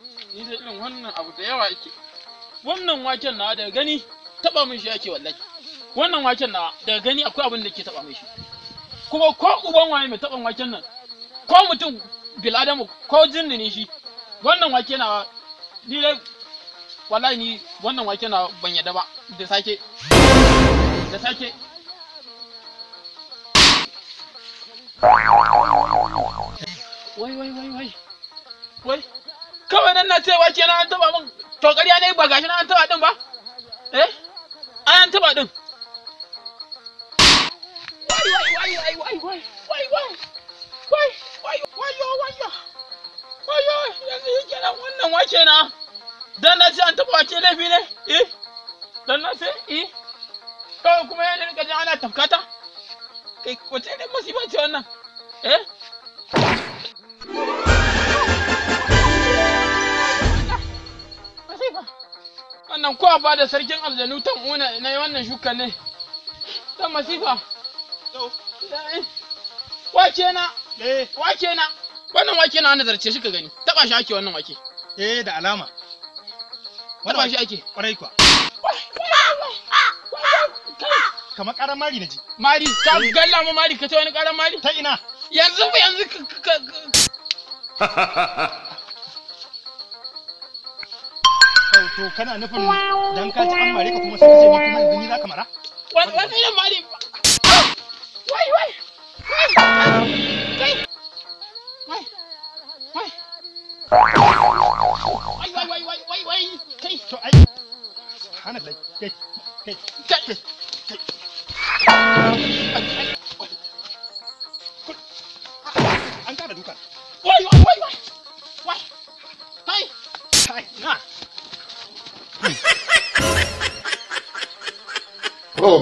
ni dai irin wannan abu da yawa yake wannan waken na daga gani taba min shi yake wallahi wannan waken na daga gani akwai abin da ke taba min shi kuma ko uban waye mai taban waken nan ko mutum biladamu ko jinni ne shi wannan wake na ni dai wallahi ni wannan waken na ban yadda ba da sake da sake wai wai wai wai wai kawai nan na cewa kenan an taba min to ƙarya ne ba gashi nan an taba din ba eh an taba din wai wai wai wai wai wai wai wai wai wai yo wai yo yanzu yake nan wannan wake na dan na ce an taba wake laifi ne eh dan na ce eh kawai kuma yana rika ji ana tafkata kai ko ce ne masifa ce wannan eh wannan ko ba da sarkin aljanu tan una na wannan shuka ne ta masifa eh. wake na eh. wake na wannan wake na zarce shi ka gani taba shi ake wannan wake eh da alama taba shi ake kwarai kwa kamar karan mari na ji mari ka galla mu mari ka ta wani karan mari ta ina yanzu yanzu ka Wato kana nufin dan ka ci an ka kuma sai ka ce za ka mara? Wani Wai wai. Wai. Wai. Wai wai wai wai wai. Kai. To ai. Kai. Kai. Kai. Kai. An dukan. Wai wai. home